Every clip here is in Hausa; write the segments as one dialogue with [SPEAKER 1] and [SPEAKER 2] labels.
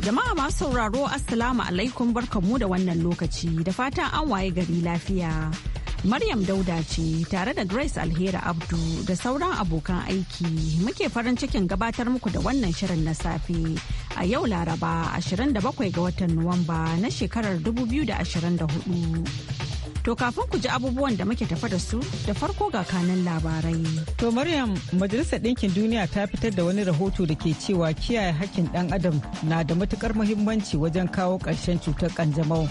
[SPEAKER 1] Jama'a masu sauraro Assalamu alaikum barkanmu da wannan lokaci da fatan an waye gari lafiya. Maryam Dauda ce tare da Grace Alheri Abdu da sauran abokan aiki muke farin cikin gabatar muku da wannan shirin na safe a yau Laraba 27 ga watan Nuwamba na shekarar 2024. To kafin ku ji abubuwan da muke tafa da su da farko ga kanan labarai. To Maryam
[SPEAKER 2] Majalisar Ɗinkin Duniya ta fitar da wani rahoto da ke cewa kiyaye hakkin ɗan adam na da matukar muhimmanci wajen kawo ƙarshen cutar kanjamau.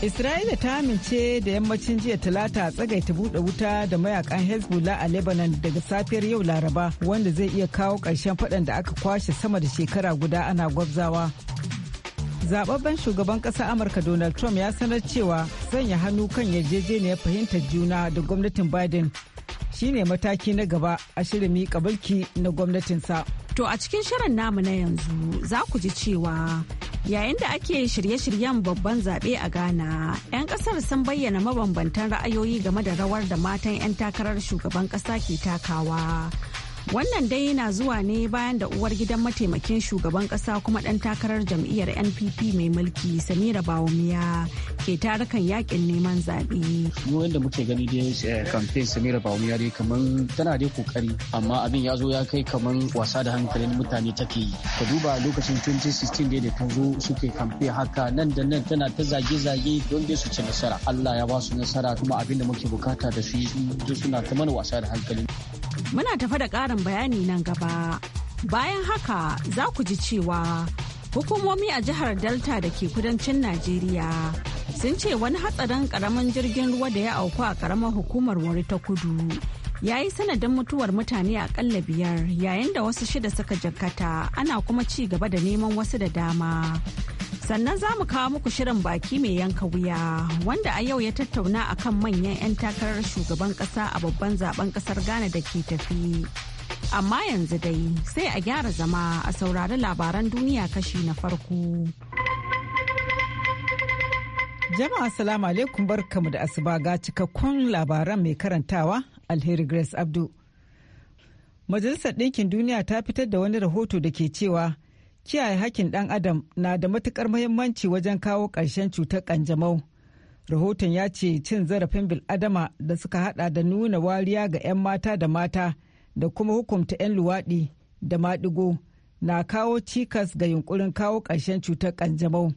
[SPEAKER 2] Isra'ila ta amince da yammacin jiya talata a tsagaita buɗe wuta da mayakan Hezbollah a Lebanon daga safiyar yau Laraba wanda zai iya kawo ƙarshen faɗan da aka kwashe sama da shekara guda ana gwabzawa. zababben shugaban ƙasar amurka donald trump ya sanar cewa sanya hannu kan yarjejeniyar fahimtar juna da gwamnatin biden shine mataki na gaba a shirin
[SPEAKER 1] miƙa mulki na gwamnatinsa to a cikin shirin namu na yanzu za ku ji cewa yayin da ake shirye-shiryen babban zaɓe a ghana 'yan ƙasar sun bayyana mabambantan ra'ayoyi game da rawar da matan 'yan takarar shugaban ƙasa ke takawa Wannan dai yana zuwa ne bayan da uwar gidan mataimakin shugaban kasa kuma ɗan takarar jam'iyyar NPP mai mulki Samira Bawumiya ke tarukan yakin neman zaɓe.
[SPEAKER 3] Mu yadda muke gani dai kamfen eh, Samira Bawumiya dai kamar tana dai kokari amma abin ya zo ya kai kamar wasa da hankalin mutane take yi. Ka duba lokacin 2016 dai da ta zo suke kamfe haka nan da nan tana ta zage-zage don dai su ci nasara. Allah ya ba su nasara kuma abin da muke bukata da su suna ta mana wasa da hankali.
[SPEAKER 1] Muna tafa da ƙarin bayani nan gaba. Bayan haka za ku ji cewa hukumomi a jihar Delta da ke kudancin Najeriya sun ce wani hatsarin ƙaramin jirgin ruwa da ya auku a ƙaramar hukumar wari ta kudu. Ya yi sanadin mutuwar mutane akalla biyar yayin da wasu shida suka jakkata ana kuma ci gaba da neman wasu da dama. sannan za mu kawo muku shirin baki mai yanka wuya wanda a yau ya tattauna a kan manyan 'yan takarar shugaban kasa a babban zaben kasar ghana da ke tafi amma yanzu dai sai a gyara zama a saurari labaran duniya kashi na farko
[SPEAKER 2] jama'a salamu alaikum barkamu da asuba ga cikakkun labaran mai karantawa alheri grace abdu majalisar ɗinkin duniya ta fitar da wani rahoto da ke cewa kiyaye hakkin ɗan adam na da matukar muhimmanci wajen kawo ƙarshen cutar ƙanjamau rahoton ya ce cin zarafin bil'adama da suka haɗa da nuna wariya ga 'yan mata da mata da kuma hukumta 'yan luwaɗi da maɗigo na kawo cikas ga yunkurin kawo ƙarshen cutar kanjamau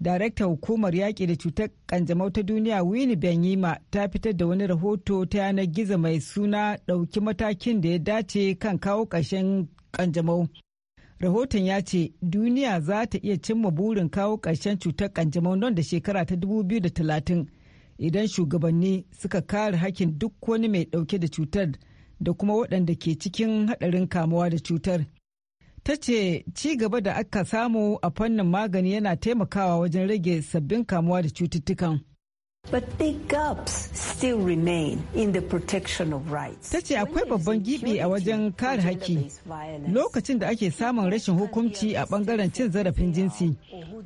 [SPEAKER 2] darekta hukumar yaƙi da cutar ƙanjamau ta duniya winnie benyima ta fitar da wani rahoto ta yanar gizo mai suna ɗauki matakin da ya dace kan kawo ƙarshen kanjamau. rahoton ya ce duniya za ta iya cimma burin kawo ƙarshen cutar kanjamau nan da shekara ta 2030 idan shugabanni suka kare hakkin duk wani mai ɗauke da cutar da kuma waɗanda ke cikin haɗarin kamuwa da cutar ta ce ci gaba da aka samu a fannin magani yana taimakawa wajen rage sabbin kamuwa da cututtukan but big gaps still remain in the protection of rights. Ta ce akwai babban gibi a wajen kare haƙƙi lokacin da ake samun rashin hukunci a bangaren cin zarafin jinsi,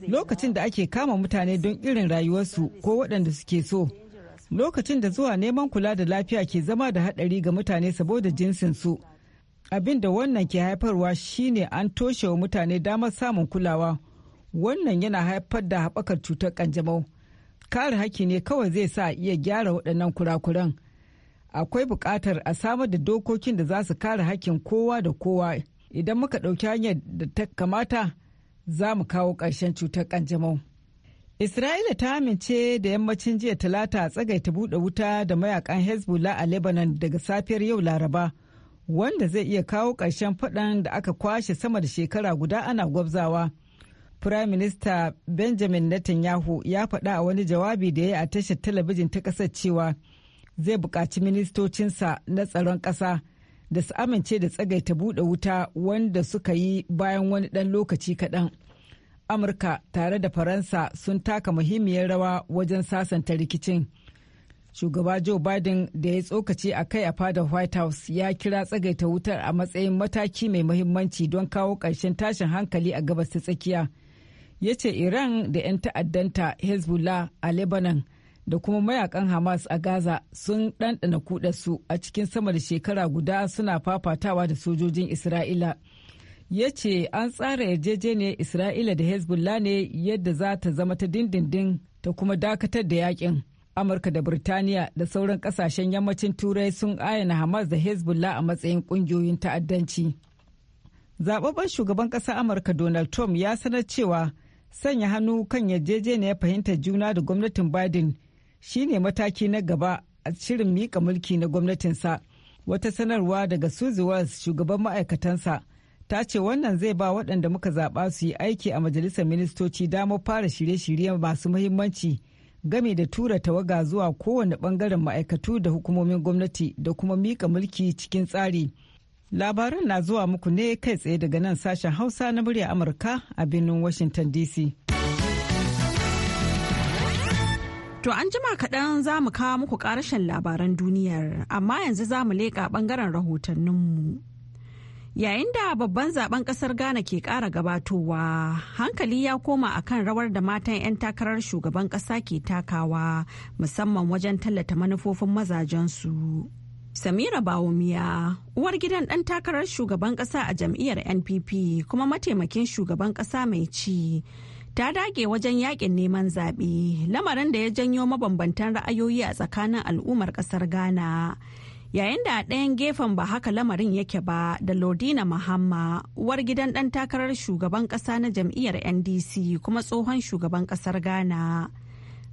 [SPEAKER 2] lokacin da ake kama mutane don irin rayuwarsu ko waɗanda suke so, lokacin da zuwa neman kula da lafiya ke zama da haɗari ga mutane saboda jinsinsu. Abin da wannan ke haifarwa shine an toshe wa mutane damar samun kulawa. Wannan yana haifar da haɓakar cutar ƙanjamau. kare haƙƙi ne kawai zai sa iya gyara waɗannan kurakuran akwai buƙatar a samar da dokokin da za su kare haƙƙin kowa da kowa idan muka ɗauki hanyar da ta kamata za mu kawo ƙarshen cutar ƙanjamau. Isra'ila ta amince da yammacin jiya talata a tsagaita buɗe wuta da mayakan Hezbollah a Lebanon daga safiyar yau Laraba, wanda zai iya kawo ƙarshen faɗan da aka kwashe sama da shekara guda ana gwabzawa. Prime Minister Benjamin Netanyahu ya faɗa a wani jawabi da ya yi a tashar talabijin ta ƙasar cewa zai buƙaci ministocinsa na tsaron ƙasa da su amince da tsagaita buɗe wuta wanda suka yi bayan wani ɗan lokaci kaɗan. Amurka tare da Faransa sun taka muhimmiyar rawa wajen sasanta rikicin. Shugaba Joe Biden da ya tsokaci a kai a fadar White House ya kira tsagaita wutar a matsayin mataki mai muhimmanci don kawo ƙarshen tashin hankali a gabas ta tsakiya. ya ce iran da 'yan ta'addanta hezbollah a lebanon da kuma mayakan hamas a gaza sun ɗanɗana su a cikin sama da shekara guda suna fafatawa da sojojin isra'ila ya ce an tsara yarjejeniyar isra'ila da hezbollah ne yadda za ta zama ta dindindin ta kuma dakatar da yakin amurka da birtaniya da sauran kasashen yammacin turai sun ayana hamas da hezbollah a matsayin kungiyoyin ta'addanci zababben shugaban ƙasar amurka donald trump ya sanar cewa sanya hannu kan yarjejeniyar fahimtar juna da gwamnatin biden shine mataki na gaba a shirin mika mulki na gwamnatinsa wata sanarwa daga suzy wells shugaban ma'aikatansa ta ce wannan zai ba waɗanda muka zaɓa su yi aiki a majalisar ministoci damar fara shirye-shirye masu muhimmanci game da tura tawaga zuwa kowane ɓangaren ma'aikatu da hukumomin gwamnati da kuma mika mulki cikin tsari. Labaran na zuwa muku ne kai tsaye daga nan sashen Hausa na murya Amurka a birnin
[SPEAKER 1] Washington DC. To an jima kaɗan za mu kawo muku ƙarashin labaran duniyar, amma yanzu za mu leƙa ɓangaren rahotanninmu. Yayin da babban zaben ƙasar Ghana ke ƙara gabatowa, hankali ya koma a kan rawar da matan 'yan takarar shugaban ƙasa ke takawa, musamman wajen tallata manufofin mazajensu. Samira Bawumiya, uwar gidan ɗan takarar shugaban ƙasa a jam'iyyar NPP kuma mataimakin shugaban ƙasa mai ci. Ta dage wajen yakin neman zaɓe, lamarin da ya janyo mabambantan ra'ayoyi a tsakanin al'ummar ƙasar Ghana. Yayin da a ɗayan gefen ba haka lamarin yake ba da Lodina Mahamma, uwar gidan ɗan takarar shugaban ƙasa na jam'iyyar NDC kuma tsohon shugaban ƙasar Ghana.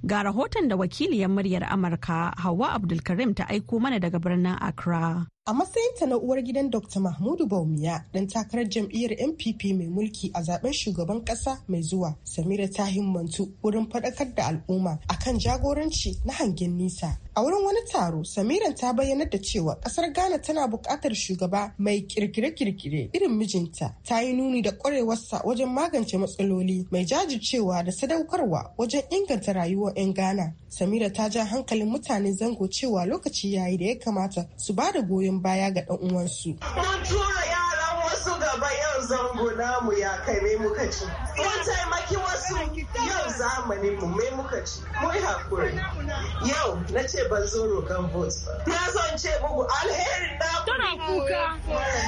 [SPEAKER 1] Ga rahoton da wakiliyar muryar Amurka Hauwa Abdulkarim ta aiko mana daga birnin Accra.
[SPEAKER 4] A matsayinta na uwar gidan Dr. Mahmudu Baumiya ɗan takarar jam'iyyar NPP mai mulki a zaben shugaban ƙasa mai zuwa, Samira ta himmantu wurin faɗakar da al'umma a kan jagoranci na hangen nisa. A wurin wani taro, Samira ta bayyanar da cewa ƙasar Ghana tana buƙatar shugaba mai kirkire-kirkire irin mijinta. Ta yi nuni da ƙwarewarsa wajen magance matsaloli, mai jajircewa da sadaukarwa wajen inganta rayuwar 'yan Ghana. Samira ta ja hankalin mutane zango cewa lokaci yayi da ya kamata su ba da goyon goyon baya ga ɗan uwansu. Mun tura yara wasu gaba yau zango namu ya kai mai muka ci mun taimaki wasu yau zamani mu mai muka ci mun hakuri yau na ce ban zo rokan vote ba na zan ce bugu alherin naku ne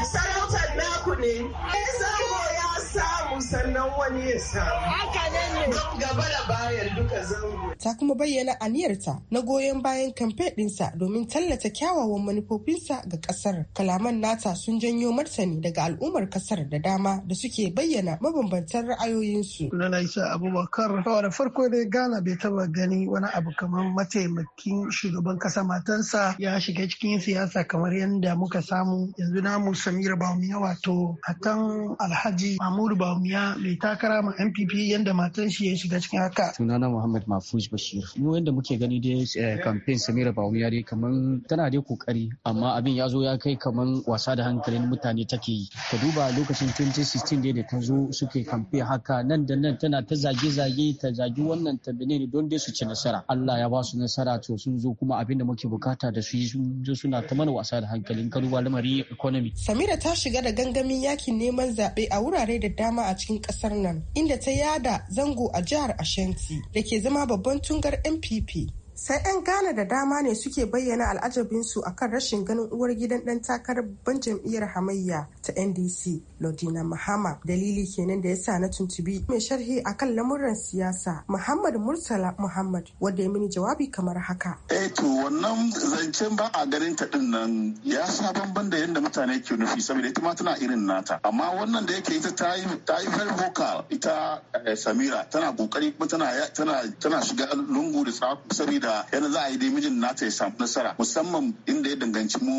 [SPEAKER 4] sarautar naku ne eh, zango ya samu sannan wani ya samu gaba da bayan duka zango ta kuma bayyana aniyarta na goyon bayan kamfe ɗinsa domin tallata kyawawan manufofinsa ga ƙasar kalaman nata sun janyo martani daga al'umma al'ummar kasar da dama da suke bayyana mabambantan ra'ayoyinsu. Sunana Isa Abubakar. Da farko dai Ghana bai taba gani wani abu kamar mataimakin shugaban kasa matansa ya shiga cikin siyasa kamar yadda muka samu yanzu namu Samira Bawumiya wato hatan Alhaji Mahmudu Bawumiya mai takara ma
[SPEAKER 3] MPP yadda matan shi ya shiga cikin haka. Sunana Muhammad Mahfouz Bashir. Mu yadda muke gani dai kamfen eh, Samira Bawumiya dai kamar tana dai kokari amma abin ya zo ya kai kamar wasa da hankalin mutane take yi. ka duba lokacin 2016 da ta zo suke kamfe haka nan da nan tana ta zage-zage ta zagi wannan ta ne don dai su ci nasara Allah ya ba su nasara to sun zo kuma abin da muke bukata da su yi suna ta mana wasa da hankalin karuwa lamari economy
[SPEAKER 4] Samira ta shiga da gangamin yakin neman zaɓe a wurare da dama a cikin ƙasar nan inda ta yada zango a jihar Ashanti da ke zama babban tungar NPP sai 'yan ghana da dama ne suke bayyana al'ajabinsu a kan rashin ganin uwar gidan dan takarar ban jam'iyyar hamayya ta ndc lodina mahama dalili kenan da ya sa na tuntubi mai sharhi a kan lamuran siyasa muhammad murtala muhammad wanda ya mini jawabi kamar haka eh to wannan zancen ba a ganin ta din nan ya sa bambam da yadda mutane ke
[SPEAKER 5] nufi saboda ita ma tana irin nata amma wannan da yake ita ta yi ta vocal ita eh, samira tana kokari kuma tana shiga lungu da saboda yana za a yi dai mijin nata ya samu nasara musamman inda ya danganci mu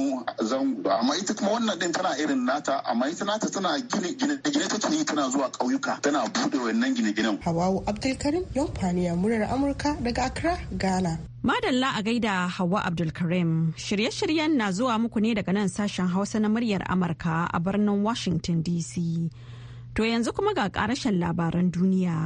[SPEAKER 5] zango amma ita kuma wannan
[SPEAKER 1] din tana irin nata amma ita nata tana gine gine gine take yi tana zuwa ƙauyuka tana bude wannan gine ginen Hawawu Abdulkarim faniya murar Amurka daga Accra Ghana Madalla a gaida Hawa Abdulkarim shirye-shiryen na zuwa muku ne daga nan sashen Hausa na muryar Amurka a birnin Washington DC. To yanzu kuma ga karashin labaran duniya.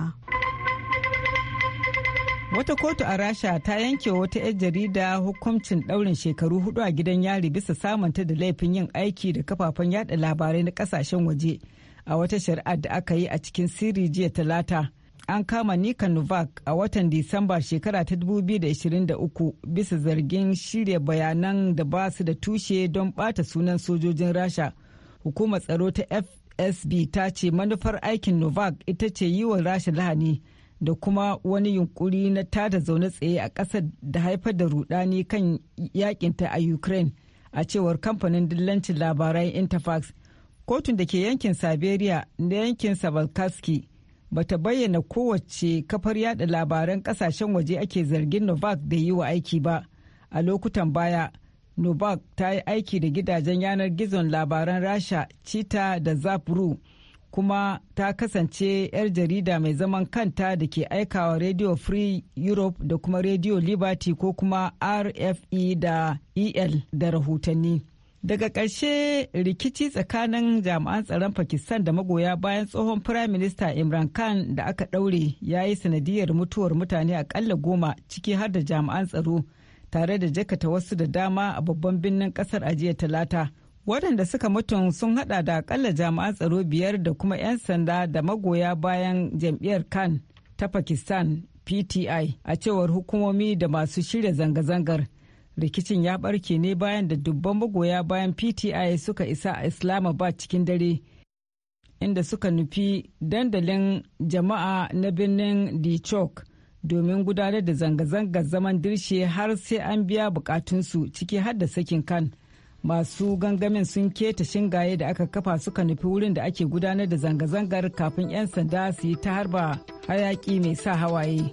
[SPEAKER 2] Wata kotu a Rasha ta yanke wata 'yar jarida hukuncin daurin shekaru hudu a gidan yari bisa samunta da laifin yin aiki da kafafen yada labarai na kasashen waje a wata shari'ar da aka yi a cikin sirri jiya talata. An kama Nika Novak a watan Disamba shekara ta 2023 bisa zargin shirya bayanan da ba su da tushe don bata sunan sojojin Rasha. Hukumar tsaro ta FSB ta ce manufar aikin Novak ita ce yi wa Rasha lahani. da kuma wani yunkuri na tada zaune tsaye a ƙasar da haifar da rudani kan yakinta a ukraine a cewar kamfanin dillancin labaran interfax kotun da ke yankin siberia na yankin sabalkaski ta bayyana kowace kafar yada labaran kasashen waje ake zargin novak da yi wa aiki ba a lokutan baya novak ta yi aiki da gidajen yanar gizon labaran rasha Cheetah da zapru kuma ta kasance 'yar jarida mai zaman kanta da ke aikawa Radio Free Europe da kuma Radio Liberty ko kuma RFE da EL da rahotanni. Daga ƙarshe rikici tsakanin jami'an tsaron Pakistan da magoya bayan tsohon prime minister Imran Khan da aka ɗaure ya yi sanadiyar mutuwar mutane aƙalla goma ciki har da jami'an tsaro tare da jakata wasu da dama a babban birnin ƙasar a talata. waɗanda suka mutum sun haɗa da akalla jami'an tsaro biyar da kuma 'yan sanda da magoya bayan jam'iyyar khan ta pakistan pti a cewar hukumomi da masu shirya zanga-zangar rikicin ya barke ne bayan da dubban magoya bayan pti suka isa a islamabad cikin dare inda suka nufi dandalin jama'a na birnin dichok domin gudanar da zanga-zangar zaman dirshe har sai an biya bukatunsu ciki har da sakin kan. masu gangamin sun keta shingaye da aka kafa suka nufi wurin da ake gudanar da zanga-zangar kafin 'yan sanda su yi ta harba
[SPEAKER 1] hayaki mai sa hawaye.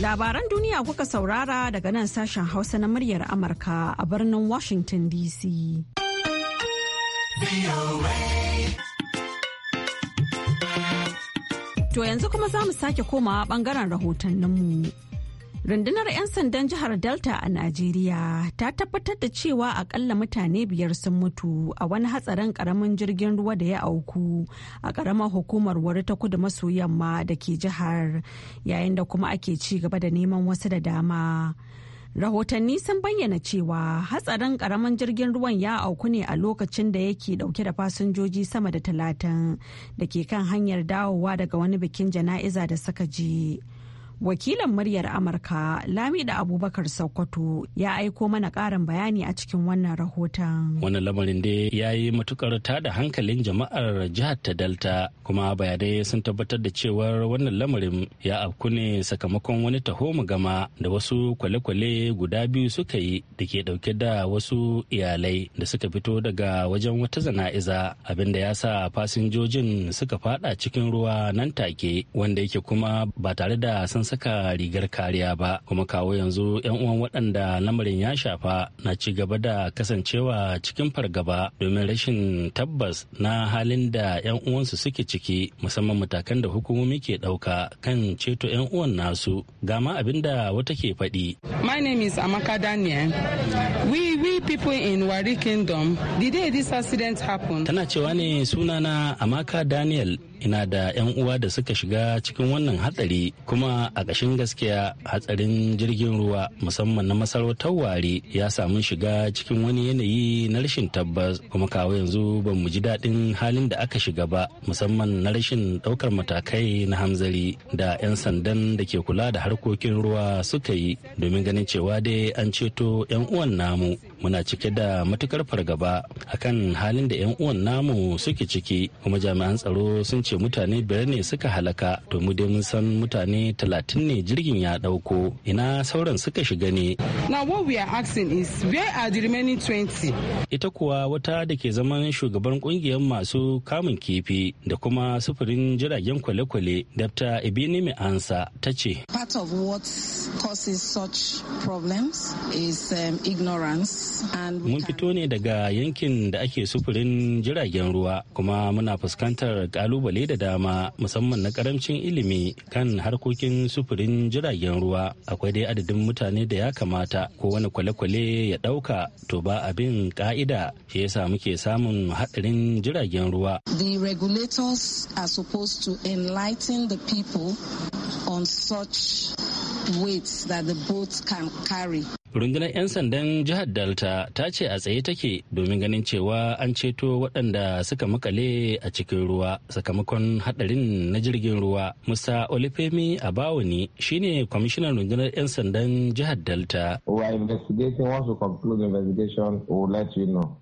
[SPEAKER 1] Labaran duniya kuka saurara daga nan sashen Hausa na muryar Amurka a birnin Washington DC. To yanzu kuma za mu sake komawa bangaren rahotanninmu. Rundunar 'yan sandan jihar Delta a Najeriya ta tabbatar da cewa akalla mutane biyar sun mutu a wani hatsarin karamin jirgin ruwa da ya auku a karamar hukumar wari ta kudu maso yamma da ke jihar yayin da kuma ake ci gaba da neman wasu da dama. Rahotanni sun bayyana cewa hatsarin karamin jirgin ruwan ya auku ne a lokacin da yake dauke da fasinjoji sama da talatin da ke kan hanyar dawowa daga wani bikin jana'iza da suka je. wakilan muryar amurka lamida abubakar sokoto ya aiko mana karin bayani a cikin wannan rahoton
[SPEAKER 6] wannan lamarin dai ya yi matukar tada hankalin jama'ar jihar ta delta kuma bayanai sun tabbatar da cewar wannan lamarin ya afku ne sakamakon wani taho gama da wasu kwale-kwale guda biyu suka yi da ke dauke da wasu iyalai da suka fito daga wajen wata zana'iza abinda ya sa fasinjojin suka fada cikin ruwa nan take wanda yake kuma ba tare da san saka rigar kariya ba kuma kawo yanzu 'yan uwan waɗanda lamarin ya shafa na ci gaba da kasancewa cikin fargaba domin rashin tabbas na halin da 'yan uwansu suke ciki musamman matakan da hukumomi ke ɗauka kan ceto 'yan uwan nasu gama abin da wata ke faɗi. My name is Amaka Daniel. We, we people in Wari Kingdom, the day this accident happened. Tana cewa ne sunana Amaka Daniel ina da 'yan uwa da suka shiga cikin wannan hatsari kuma a ƙashin gaskiya hatsarin jirgin ruwa musamman na masarautar ware ya samu shiga cikin wani yanayi na rashin tabbas kuma kawo yanzu ba mu ji daɗin halin da aka shiga ba musamman na rashin ɗaukar matakai na hamzari da 'yan sandan da ke kula da harkokin ruwa suka yi domin ganin cewa dai an ceto 'yan uwan namu muna cike da matukar fargaba akan halin da 'yan uwan namu suke ciki kuma jami'an tsaro sun ce ce mutane biyar ne suka halaka to mu dai mun san mutane talatin ne jirgin ya dauko ina sauran suka shiga ne
[SPEAKER 4] now what we are asking is where are the remaining
[SPEAKER 6] 20 ita kuwa wata da ke zaman shugaban kungiyar masu kamun kifi da kuma sufurin jiragen kwale-kwale dabta ibini mai ansa ta ce
[SPEAKER 2] part of what causes such problems is um, ignorance and
[SPEAKER 6] mun fito ne daga yankin da ake sufurin jiragen ruwa kuma muna fuskantar kalubale dalilai da dama musamman na karamcin ilimi kan harkokin sufurin jiragen ruwa akwai dai adadin mutane da ya kamata ko wani kwale-kwale ya dauka to ba abin ka'ida shi yasa muke samun hadarin jiragen ruwa.
[SPEAKER 2] The regulators are supposed to enlighten the people on such weights that the boat can carry.
[SPEAKER 6] rundunar 'yan sandan jihar delta ta ce a tsaye take domin ganin cewa an ceto waɗanda suka makale a cikin ruwa sakamakon haɗarin na jirgin ruwa musa olifemi abawuni shine kwamishinan rundunar 'yan sandan jihar delta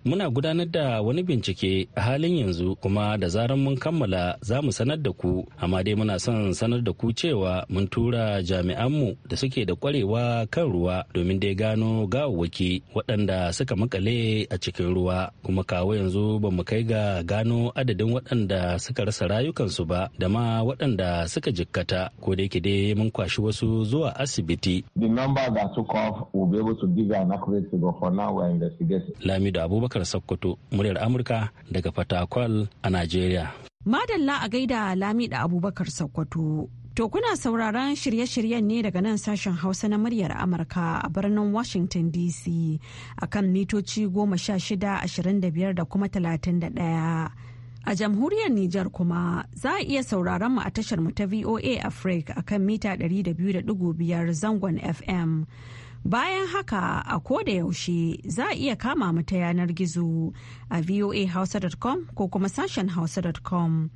[SPEAKER 6] muna gudanar da wani bincike a halin yanzu kuma da zarar mun kammala za mu sanar da ku amma dai muna son sanar da ku cewa mun tura jami'anmu da suke da kwarewa kan ruwa domin dai gano gawawwaki waɗanda suka makale a cikin ruwa kuma kawo yanzu ba mu kai ga gano adadin waɗanda suka rasa rayukansu ba da ma waɗanda suka jikkata ko da yake dai mun kwashi wasu zuwa asibiti. The number that took off will be able to give an accurate for now investigating. Lamido Abubakar Sokoto, muryar Amurka daga Fatakwal a Najeriya.
[SPEAKER 1] Madalla a gaida Lamido Abubakar Sokoto. To kuna sauraron shirye-shiryen ne daga nan sashen Hausa na muryar Amurka a birnin Washington DC a kan mitoci goma sha shida ashirin da biyar da kuma talatin da ɗaya. A jamhuriyar Nijar kuma za a iya sauraron mu a tashar mu ta VOA Africa a kan mita 200.5 zangon FM. Bayan haka a koda yaushe za a iya kama mu ta yanar gizo a voahausa.com ko kuma sashen hausa.com.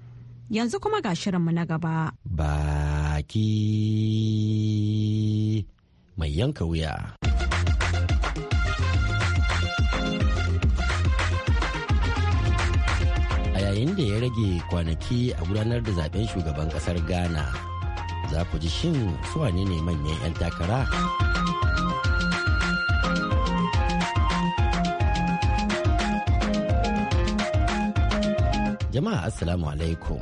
[SPEAKER 1] Yanzu kuma ga shirinmu na gaba.
[SPEAKER 7] Baki mai yanka wuya. A yayin da ya rage kwanaki a gudanar da zaben shugaban kasar Ghana, za ku ji shin su ne manyan 'yan takara? Jama'a Assalamu alaikum.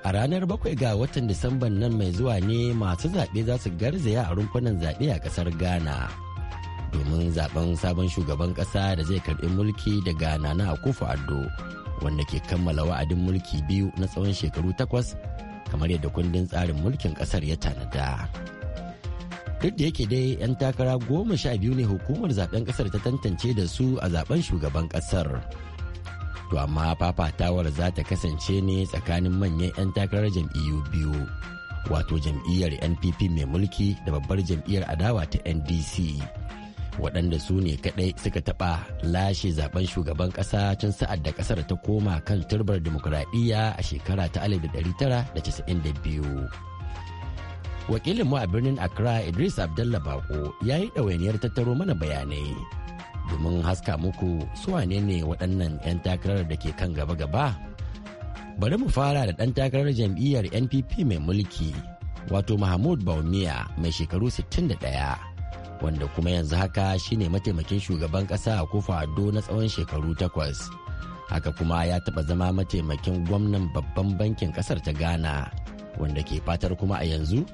[SPEAKER 7] A ranar bakwai ga watan Disamban nan mai zuwa ne masu zaɓe za su garzaya a rumfunan zaɓe a ƙasar Ghana. Domin zaben sabon shugaban ƙasa da zai karɓi mulki daga Nana Akufo Addo wanda ke kammala wa'adin mulki biyu na tsawon shekaru takwas kamar yadda kundin tsarin mulkin ƙasar ya tanada. duk da yake dai 'yan takara goma sha biyu ne hukumar zaben ƙasar ta tantance da su a zaben shugaban ƙasar. to amma fafatawar za ta kasance ne tsakanin manyan 'yan takarar jam'iyyu biyu wato jam'iyyar npp mai mulki da babbar jam'iyyar adawa ta ndc waɗanda su ne kaɗai suka taɓa lashe zaben shugaban ƙasa tun sa'ad da ƙasar ta koma kan turbar dimokuraɗiyya a shekara ta 1992 wakilinmu a birnin accra idris abdallah bako ya yi ɗawainiyar tattaro mana bayanai domin haska muku su wane ne waɗannan 'yan takarar da ke kan gaba-gaba bari mu fara da ɗan takarar jam'iyyar npp mai mulki wato mahmud baumiya mai shekaru 61 wanda kuma yanzu haka shine mataimakin shugaban ƙasa a kofa ado na tsawon shekaru takwas haka kuma ya taɓa zama mataimakin gwamnan babban bankin ƙasar ta ghana wanda ke fatar kuma a yanzu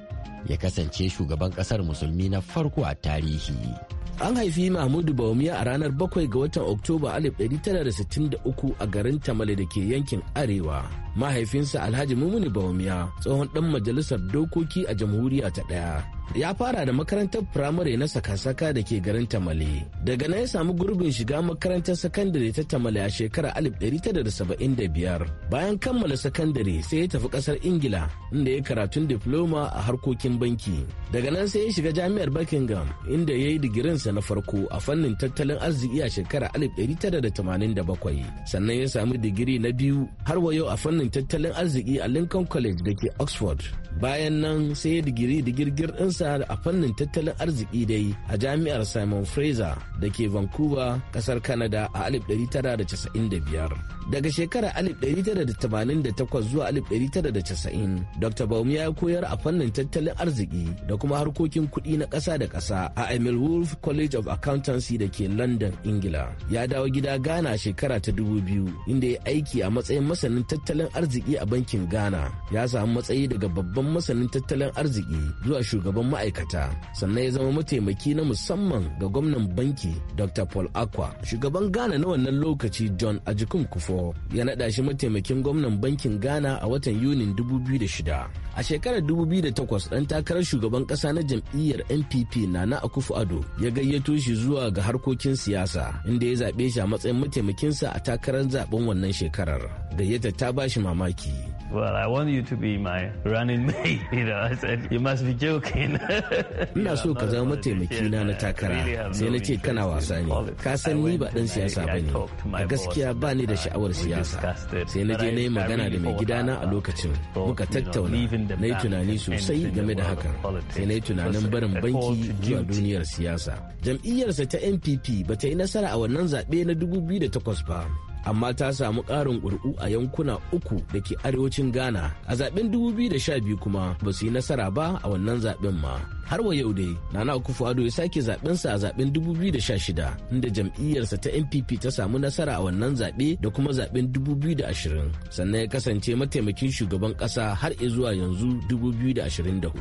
[SPEAKER 7] ya kasance shugaban ƙasar musulmi na farko a tarihi.
[SPEAKER 5] An haifi Mahmudu baumiya a ranar 7 ga watan Oktoba 1963 a garin Tamale da ke yankin Arewa. mahaifinsa alhaji mumuni bawumiya tsohon dan majalisar dokoki a jamhuriya ta daya ya fara da makarantar firamare na sakasaka da ke garin tamale daga nan ya samu gurbin shiga makarantar sakandare ta tamale a shekarar 1975 bayan kammala sakandare sai ya tafi kasar ingila inda ya karatun diploma a harkokin banki daga nan sai ya shiga jami'ar buckingham inda ya yi digirinsa na farko a fannin tattalin arziki a shekarar 1987 sannan ya samu digiri na biyu har wayo a fannin tsarin tattalin arziki a Lincoln College da ke Oxford. Bayan nan sai ya digiri digirgir ɗinsa a fannin tattalin arziki dai a jami'ar Simon Fraser da ke Vancouver, ƙasar Canada a 1995. Daga shekarar 1988 zuwa 1990, Dr. Baum ya koyar a fannin tattalin arziki da kuma harkokin kuɗi na ƙasa da ƙasa a Emil Wolf College of Accountancy da ke London, Ingila. Ya dawo gida Ghana shekara ta 2000 inda ya aiki a matsayin masanin tattalin arziki a bankin ghana ya samu matsayi daga babban masanin tattalin arziki zuwa shugaban ma'aikata sannan ya zama mataimaki na musamman ga gwamnan banki dr paul akwa shugaban ghana na wannan lokaci john ajikum kufo ya naɗa shi mataimakin gwamnan bankin ghana a watan yunin 2006 a shekarar 2008 ɗan takarar shugaban ƙasa na jam'iyyar npp nana akufu ado ya gayyato shi zuwa ga harkokin siyasa inda ya zaɓe shi a matsayin mataimakinsa a takarar zaben wannan shekarar gayyata ta bashi mamaki Well, I want you to be my running mate. You know, I said, you must be joking. Ina so ka zama mataimaki na na takara. Sai na ce kana wasa ne. Ka san ni ba dan siyasa ba ne. A gaskiya ba ni da sha'awar siyasa. Sai na je na yi magana da mai gidana a lokacin. Muka tattauna. Na yi tunani sosai game da haka Sai na yi tunanin barin banki zuwa duniyar siyasa. Jam'iyyarsa ta NPP ba ta yi nasara a wannan zaɓe na da 2008 ba. amma ta samu ƙarin ƙuri'u a yankuna uku da ke arewacin ghana a zaben 2012 kuma ba su yi nasara ba a wannan zaben ma har wa yau dai nana akufo ado ya sake zaɓensa a zaben 2016 inda jam'iyyarsa ta npp ta samu nasara a wannan zaɓe da kuma zaɓen 2020 sannan ya kasance mataimakin shugaban ƙasa har zuwa yanzu 2024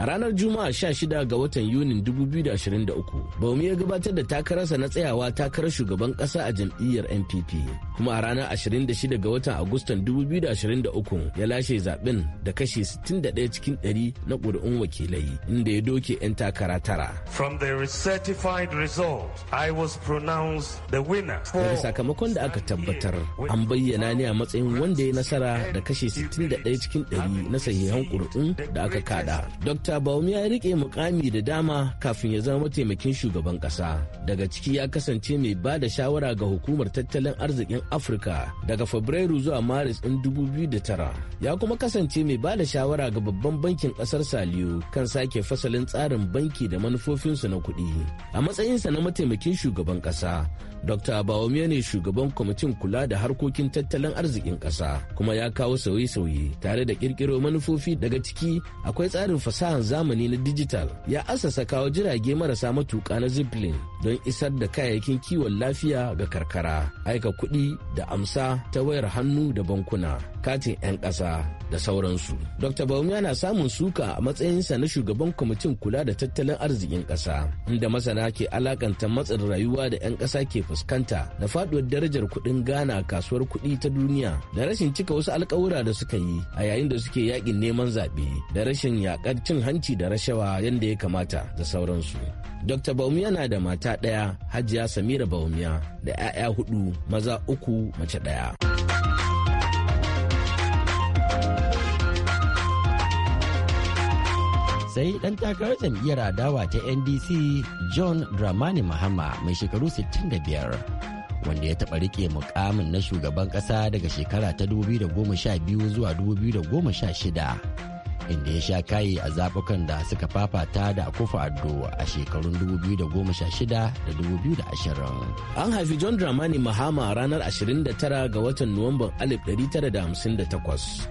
[SPEAKER 5] a ranar juma'a 16 ga watan yunin 2023 baumi ya gabatar da takararsa na tsayawa takarar shugaban ƙasa a jam'iyyar npp kuma a ranar 26 ga watan agustan 2023 ya lashe zaben da kashe 61 cikin 100 na ƙuri'un wakilai inda ya doke 'yan takara tara.
[SPEAKER 6] From the certified result, I was pronounced
[SPEAKER 5] the winner. Daga sakamakon da aka tabbatar, an bayyana ne a matsayin wanda ya nasara da kashe 61 cikin 100 na sahihan ƙuri'un da aka kada. Dr. Baumi ya rike mukami da dama kafin ya zama mataimakin shugaban ƙasa. Daga ciki ya kasance mai ba da shawara ga hukumar tattalin arzikin afirka daga fabrairu zuwa maris ɗin 2009 ya kuma kasance mai ba da shawara ga babban bankin ƙasar saliyo kan sake fasalin tsarin banki da manufofinsu na kuɗi a matsayinsa na mataimakin shugaban ƙasa dr bawumiya ne shugaban kwamitin kula da harkokin tattalin arzikin ƙasa kuma ya kawo sauye-sauye tare da ƙirƙiro manufofi daga ciki akwai tsarin fasahar zamani na dijital ya asasa kawo jirage marasa matuƙa na zipline don isar da kayayyakin kiwon lafiya ga karkara aika kuɗi da amsa ta wayar hannu da bankuna katin 'yan ƙasa da sauransu dr baumiya na samun suka a matsayinsa na shugaban kwamitin kula da tattalin arzikin ƙasa inda masana ke alakanta matsin rayuwa da 'yan ƙasa ke fuskanta da faɗuwar darajar kuɗin ghana kasuwar kuɗi ta duniya da rashin cika wasu alkawura da suka yi a yayin da suke yaƙin neman zaɓe da rashin yaƙar cin hanci da rashawa yadda ya kamata da sauransu. Dr. Baumiya yana da mata ɗaya Hajiya Samira Baumiya da 'ya'ya hudu maza uku uku mace ɗaya.
[SPEAKER 7] sai ɗan takarar jam'iyyar adawa ta ndc john dramani mahama mai shekaru 65 wanda ya taɓa riƙe mukamin na shugaban ƙasa daga shekara ta 2012 zuwa 2016 inda ya sha kayi a zabukan da suka fafata da akufa addo a shekarun 2016 da 2020. An
[SPEAKER 5] haifi John Dramani Mahama ranar 29 ga watan Nuwamban 1958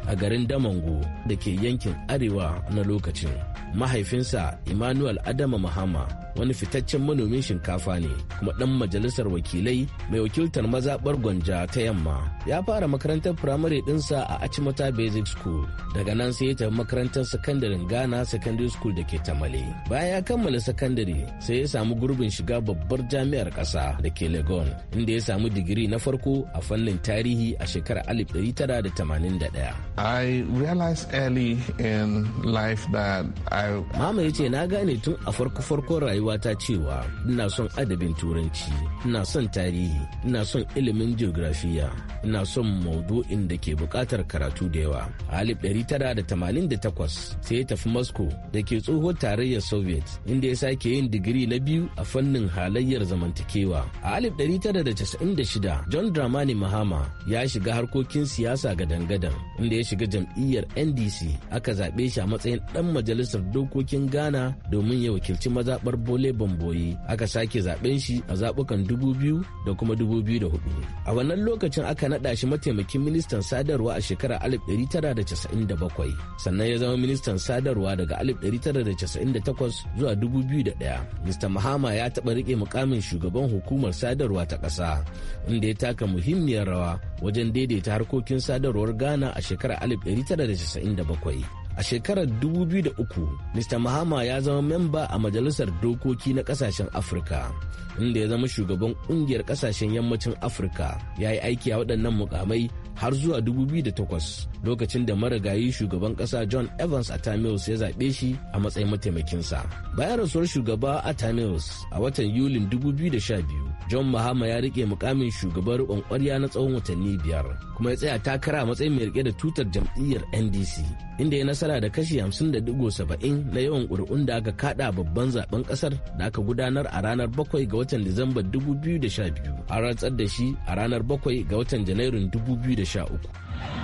[SPEAKER 5] a garin Damango da ke yankin arewa na lokacin. Mahaifinsa Emmanuel Adama Mahama wani fitaccen manomin shinkafa ne kuma ɗan majalisar wakilai mai wakiltar mazaɓar gwanja ta yamma ya fara makarantar firamare ɗinsa a achimota basic school daga nan sai ya tafi makarantar sakandaren ghana secondary school da ke tamale bayan ya kammala sakandare sai ya samu gurbin shiga babbar jami'ar kasa da ke legon inda ya samu digiri na farko a fannin tarihi a shekarar 1981 i realized early in life that i mama ya ce na gane tun a farko-farkon rayuwa ta cewa ina son adabin turanci ina son tarihi ina son ilimin geografiya ina son maudu'in da ke buƙatar karatu da yawa a 1988 sai ya tafi moscow da ke tsohon tarayyar soviet inda ya sake yin digiri na biyu a fannin halayyar zamantakewa a alif 1996 john dramani mahama ya shiga harkokin siyasa ga dangadan inda ya shiga jam'iyyar ndc aka zaɓe shi a matsayin ɗan majalisar dokokin ghana domin ya wakilci mazaɓar bole bamboyi aka sake zaben shi a zabukan 2000 da kuma 2004 a wannan lokacin aka naɗa shi mataimakin ministan sadarwa a shekara shekarar 1997 sannan ya zama ministan sadarwa daga 1998 zuwa 2001 mr mahama ya taɓa rike mukamin shugaban hukumar sadarwa ta ƙasa inda ya taka muhimmiyar rawa wajen daidaita harkokin sadarwar ghana a shekarar 1997 a shekarar 2003 mr mahama ya zama memba a majalisar dokoki na kasashen afirka inda ya zama shugaban kungiyar kasashen yammacin afirka ya yi aiki a waɗannan mukamai har zuwa 2008 lokacin da marigayi shugaban ƙasa john evans Tamils ya zaɓe shi a matsayin mataimakinsa bayan rasuwar shugaba atamius a watan yulin 2012 john mahama ya riƙe mukamin shugaban riƙon ƙwarya na tsawon watanni biyar kuma ya tsaya takara a matsayin mai rike da tutar jam'iyyar ndc inda ya nasara nasara da kashi saba'in na yawan ƙuri'un da aka kada babban zaben ƙasar da aka gudanar a ranar bakwai ga watan Disamba biyu a rantsar da shi a ranar bakwai ga watan Janairun dubu biyu da sha uku.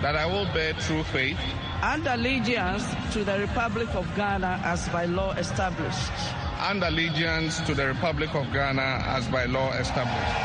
[SPEAKER 2] That I will bear true faith and allegiance to the Republic of Ghana as by law established.
[SPEAKER 5] And allegiance to the Republic of Ghana as by law established.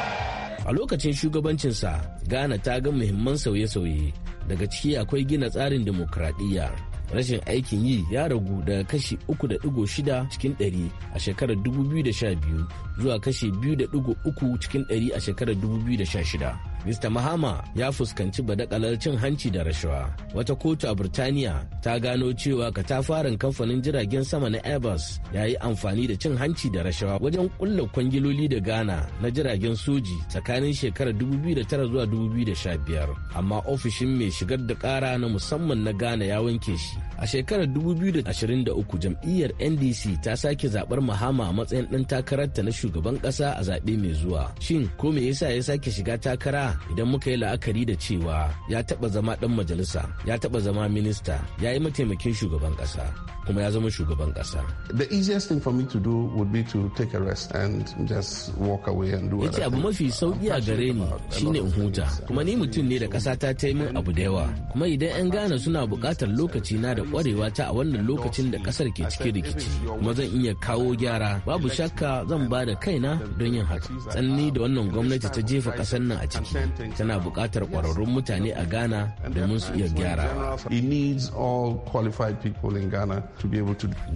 [SPEAKER 5] A lokacin shugabancinsa, Ghana ta ga muhimman sauye-sauye daga ciki akwai gina tsarin dimokuraɗiyya. rashin aikin yi ya ragu daga kashi 3.6 cikin 100 a shekarar 2012 zuwa kashi 2.3 cikin 100 a shekarar 2016. Mr. Mahama ya fuskanci badakalar cin hanci da rashawa. Wata kotu a birtaniya ta gano cewa katafaren kamfanin jiragen sama na Airbus ya yi amfani da cin hanci da rashawa wajen kulla kwangiloli da Ghana na jiragen soji tsakanin shekarar 2009 zuwa 2015. Amma ofishin mai shigar da kara na musamman na Ghana ya wanke shi A shekarar 2023 jam'iyyar NDC ta sake zaɓar Mahama a matsayin ɗan ta na shugaban ƙasa a zaɓe mai zuwa. Shin ko me yasa ya sake shiga takara idan muka yi la'akari da cewa ya taɓa zama ɗan majalisa, ya taɓa zama minista, ya yi mataimakin shugaban ƙasa, kuma ya zama shugaban ƙasa. The easiest thing for me to do would be to take a rest and just walk away and do Yace abu mafi sauki a gare ni shine in huta, kuma ni mutum ne da ƙasa ta ta abu da yawa, kuma idan 'yan Ghana suna buƙatar lokaci na na da kwarewa ta a wannan lokacin da kasar ke cikin rikici kuma zan iya kawo gyara babu shakka zan ba da kaina don yin haka tsanni da wannan gwamnati ta jefa kasar nan a ciki tana buƙatar kwararrun mutane a ghana domin su iya gyara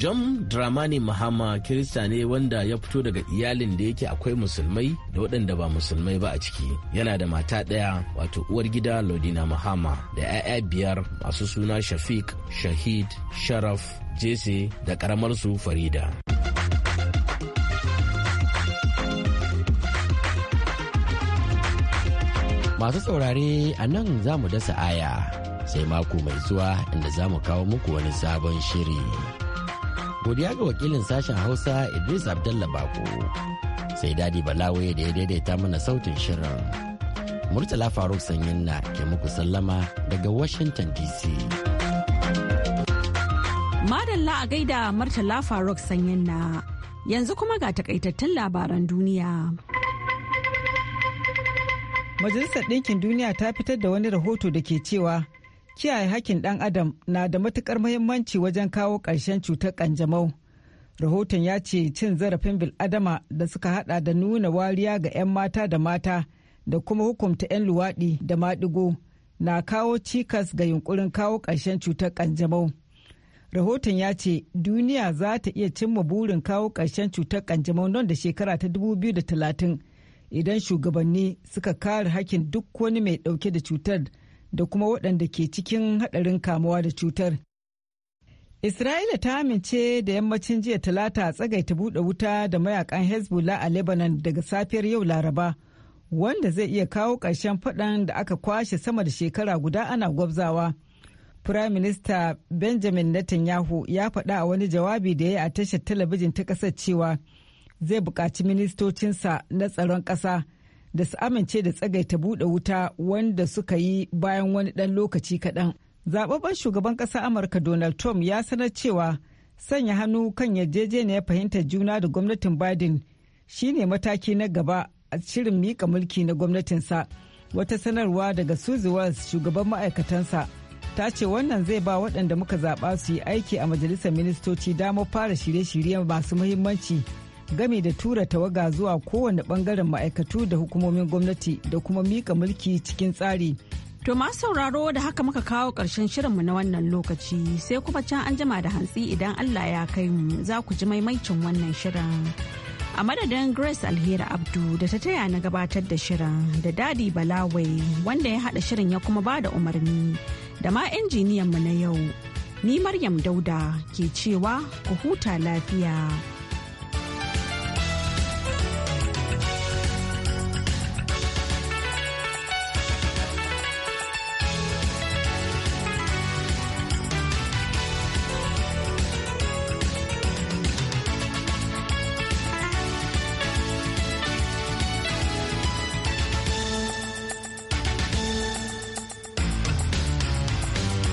[SPEAKER 5] john dramani mahama kirista ne wanda ya fito daga iyalin da yake akwai musulmai da waɗanda ba musulmai ba a ciki yana da mata ɗaya wato uwar gida lodina mahama da 'ya'ya biyar masu suna shafiq shahid sharaf Jesse da karamarsu farida
[SPEAKER 7] masu saurare a nan za mu dasa aya sai mako mai zuwa inda za mu kawo muku wani sabon shiri godiya ga wakilin sashen hausa idris abdallah bako sai dadi balawe da ya daidaita mana sautin shirin murtala faruk sanyin na ke muku sallama daga washington dc
[SPEAKER 1] Madalla a gaida Martala Faruk sanyin na yanzu kuma ga takaitattun labaran duniya.
[SPEAKER 2] Majalisar Ɗinkin Duniya ta fitar da wani rahoto da ke cewa kiyaye hakkin ɗan adam na da matukar muhimmanci wajen kawo ƙarshen cutar ƙanjamau. Rahoton ya ce cin zarafin bil'adama da suka hada da nuna wariya ga 'yan mata da mata da kuma hukumta 'yan luwaɗi da maɗigo na kawo cikas ga yunkurin kawo ƙarshen cutar ƙanjamau. Rahoton ya ce duniya za ta iya cimma burin kawo ƙarshen cutar kanjamau nan da shekara ta 2030 idan shugabanni suka kare hakkin duk wani mai ɗauke da cutar da kuma waɗanda ke cikin haɗarin kamuwa da cutar. Isra'ila ta amince da yammacin jiya talata a tsagaita buɗe wuta da mayakan Hezbollah a Lebanon daga safiyar yau Laraba, wanda zai iya kawo ƙarshen faɗan da aka kwashe sama da shekara guda ana gwabzawa. firaminista benjamin netanyahu ya faɗa a wani jawabi da ya yi a tashar talabijin ta ƙasar cewa zai buƙaci ministocinsa na tsaron ƙasa da su amince da tsagaita buɗe wuta wanda suka yi bayan wani ɗan lokaci kaɗan. Zababben shugaban ƙasar Amurka Donald Trump ya sanar cewa sanya hannu kan yarjejeniyar fahimtar juna da gwamnatin Biden shine mataki na gaba a shirin mika mulki na gwamnatinsa. Wata sanarwa daga Suzy Wells shugaban ma'aikatansa. ta ce wannan zai ba waɗanda muka zaɓa su yi aiki a majalisar ministoci damar fara shirye-shirye masu muhimmanci game da tura tawaga zuwa kowane ɓangaren ma'aikatu da hukumomin
[SPEAKER 1] gwamnati da kuma mika mulki cikin tsari. To masu sauraro da haka muka kawo ƙarshen shirinmu na wannan lokaci sai kuma can an jima da hantsi idan Allah ya kai mu za ku ji maimaicin wannan shirin. A madadin Grace Alheri Abdu da ta taya na gabatar da shirin da Dadi Balawai wanda ya haɗa shirin ya kuma ba da umarni. da ma injiniyanmu na yau. Ni Maryam Dauda ke cewa ku huta lafiya.